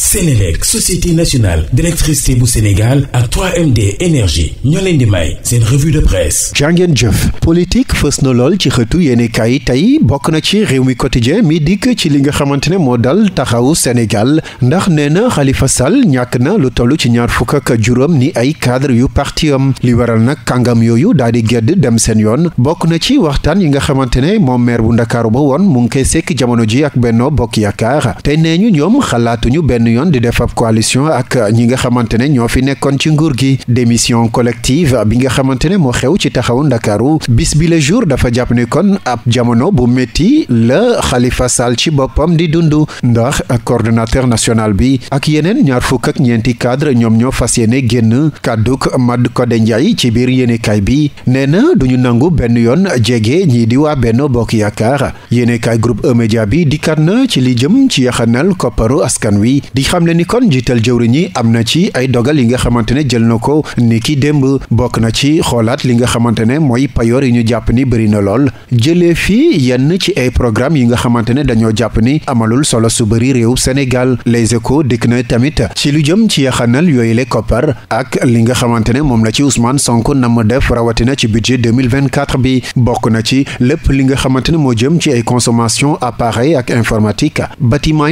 Sénélec société nationale d'électricité bu Sénégal ak 3MD énergie ñoo leen di may seen revue de presse jàngeen jëf politique fës na lool ci xëtu yéene yi tey bokk na ci réew mi quotidien mi dikk ci li nga xamante ne moo dal taxawu Sénégal ndax nee na xalifa Sall ñàkk na lu toll ci ñaar fukk ak juróom ni ay cadre yu parti li waral nag kàngam yooyu daal di gedd dem seen yoon bokk na ci waxtaan yi nga xamante ne moom maire bu ndakaaru ba woon mu ngi koy sekk jamono ji ak Benno Bokk Yaakaar te nee ñu ñoom xalaatuñu benn yoon di def ab coalition ak ñi nga xamante ne ñoo fi nekkoon ci nguur gi démission collective bi nga xamante ne moo xew ci taxawu ndakaaru bis bi le jour dafa jàpp ni kon ab jamono bu métti la xalifa Sall ci boppam di dund ndax coordonnateur national bi ak yeneen ñaar fukk ak ñeenti kadr ñoom ñoo fas yéene génn kàdduk madd Codé Ndiaye ci biir yéenekaay bi nee na duñu nangu benn yoon jege ñii di waa benn Bokk Yaakaar yéenekaay groupe e bi dikkaat na ci li jëm ci yaxanal kopparu askan wi di xam le ni kon njiital jëwriñ yi am na ci ay dogal yi nga xamante ne jël na ko ni ki démb bokk na ci xoolaat li nga xamante ne mooy payoor yi ñu jàpp ni bëri na lool jëlee fii yenn ci ay programme yi nga xamante ne dañoo jàpp ni amalul solo su bëri réew Sénégal Les Échos dikk na tamit ci lu jëm ci yaxanal yooyu le koppar ak li nga xamante ne moom la ci Ousmane Sonko na mu def rawatina ci budget 2024 bi bokk na ci lépp li nga xamante ne moo jëm ci ay consommation appareil ak informatique bâtiment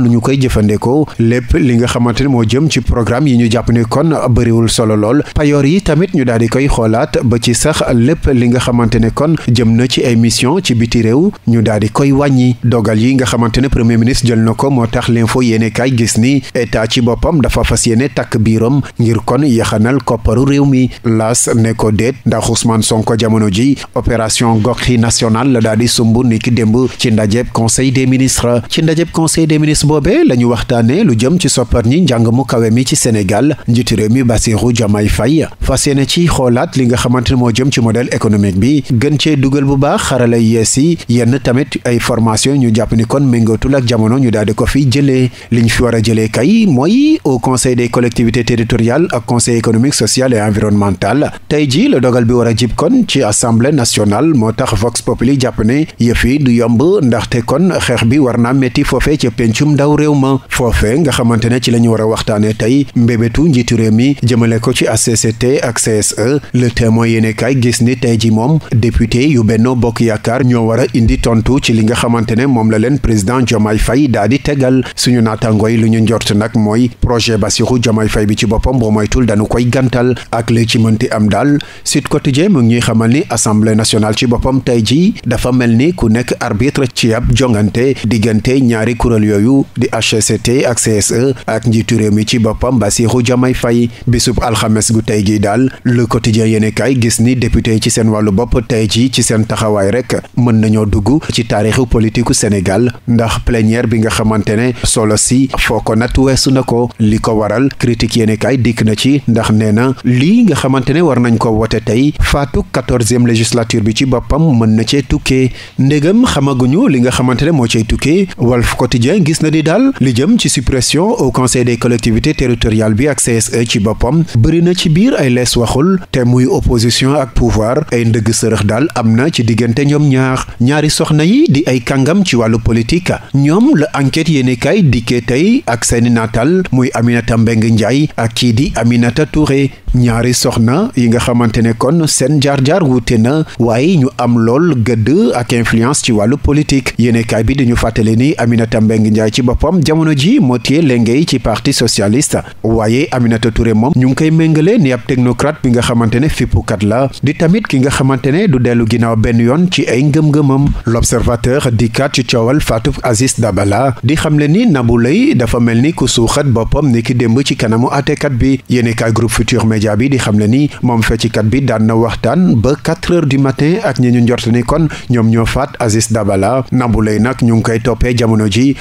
nu ñu koy jëfandikoo lépp li nga xamante ne moo jëm ci programme yi ñu jàpp ne kon bëriwul solo lool payoor yi tamit ñu daal di koy xoolaat ba ci sax lépp li nga xamante ne kon jëm na ci émission ci biti réew ñu daal di koy wàññi dogal yi nga xamante ne premier ministre jël na ko moo tax foo yéene kaay gis ni état ci boppam dafa fas yéene takk biiram ngir kon yaxanal kopparu réew mi laas ne ko déet ndax Ousmane Sonko jamono ji opération goxi nationale la daal di sumb ni ki ci ndajeb conseil boobee la ñu waxtaane lu jëm ci soppar ñi njàng mu kawe mi ci Sénégal njiitu réew mi Bassirou Diomaye Faye fas yéene ci xoolaat li nga xamante ne moo jëm ci modèle économique bi gën cee dugal bu baax xarala yees yi yenn tamit ay formation ñu jàpp ni kon méngootul ak jamono ñu daal di ko fi li ñu fi war a jëlee kay mooy au conseil des collectivités territoriales ak conseil économique social et environnemental tey ji la dogal bi war a jib kon ci assemblée nationale moo tax Vox ndaw réew ma foofe nga xamante ne ci la ñu war a waxtaane tey mbébétu njiitu réew mi jëmale ko ci ACCT ak CSE le témoin yéene kaay gis ni tey ji moom député yu Benno Bokk Yaakaar ñoo war a indi tontu ci li nga xamante ne moom la leen président Diomaye fay daa di tegal suñu naatangooy lu ñu njort nag mooy projet Bassirou Diomaye fay bi ci boppam bu moytul dañu koy gantal ak li ci mënti am daal Sud Quotidien mu ñuy xamal ni assemblée nationale ci boppam tey ji dafa mel ni ku nekk arbitre ci ab jongante diggante ñaari kuréel yooyu di HCCT ak CSE ak njiitu réew mi ci boppam ba Bassirou jamay fay bisub alxames gu tey gi daal le quotidien yéene kaay gis ni député yi ci seen wàllu bopp tey ji ci seen taxawaay rek mën nañoo dugg ci taarixu politiku Sénégal ndax plénière bi nga xamante ne solo si foo ko nat weesu na ko li ko waral critique yéene kaay dikk na ci ndax nee na lii nga xamante ne war nañ ko wote tey faatu quatorzième législature bi ci boppam mën na cee tukkee ndégam xamaguñu li nga xamante ne moo cay tukkee Walf bi daal li jëm ci suppression au conseil des collectivités territoriales bi ak CSE ci boppam bëri na ci biir ay lees waxul te muy opposition ak pouvoir ay ndëgg sërëx daal am na ci diggante ñoom ñaar ñaari soxna yi di ay kàngam ci wàllu politique ñoom la enquête yéene kay dikkee tey ak seeni nataal muy Aminata Mbengue Ndiaye ak kii di Aminata Touré ñaari soxna yi nga xamante ne kon seen jaar-jaar wuute na waaye ñu am lool gëdd ak influence ci wàllu politique yéene boppam jamono ji moo téye lengey ci parti socialiste waaye Aminata Touré moom ñu ngi koy méngale ni ab technocrate bi nga xamante ne fippukat la di tamit ki nga xamante ne du dellu ginnaaw benn yoon ci ay ngëm-ngëmam l'observateur di kat ci coowal Fatou Aziz Dabala di xamle ni nambu lay dafa mel ni ku suuxat boppam ni ki démb ci kanamu àttekat bi yéene kaay groupe Futur Média bi di xamle ni moom feccikat bi daan na waxtaan ba quatre heures du ak ñi ñu njort kon ñoom ñoo faat Aziz Dabala Nabou Leye nag ñu ngi koy toppee jamono ji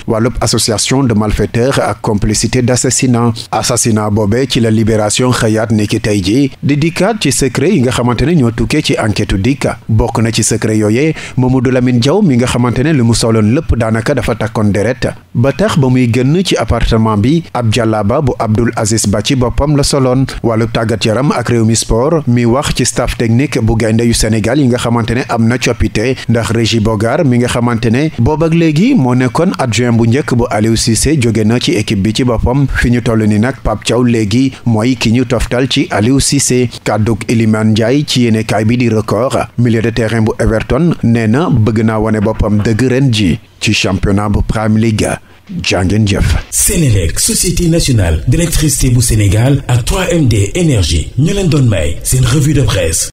association de malfaiteurs ak complicité d'assassinat assassinat boobe ci la libération xëyaat ni ki tey ji di dikkaat ci secret yi nga xamante ne ñoo tukkee ci enquête dikka bokk na ci secret yooyee du Lamine jaw mi nga xamante ne li mu soloon lépp daanaka dafa takkoon deret ba tax ba muy génn ci appartement bi ab jàllaaba bu Abdoul Aziz Ba ci boppam la soloon wàllu tàggat yaram ak réew mi mi wax ci staff technique bu gaynde yu Sénégal yi nga xamante ne am na coppite ndax Régis Bogar mi nga xamante ne boob ak léegi moo nekkoon adjoint bu njëkk bu Aliou Cissé jóge na ci équipe bi ci boppam fi ñu toll ni nag Pape caw léegi mooy ki ñu toftal ci Aliou Cissé kàdduk Iliman Ndiaye ci yéenekaay bi di record milieu de terrain bu Everton nee na bëgg naa wone boppam dëgg ren ji ci championnat bu prime liga jàngeen jëf Sénélec société nationale d'électricité bu Sénégal à 3MD énergie ñu leen doon may seen revue de presse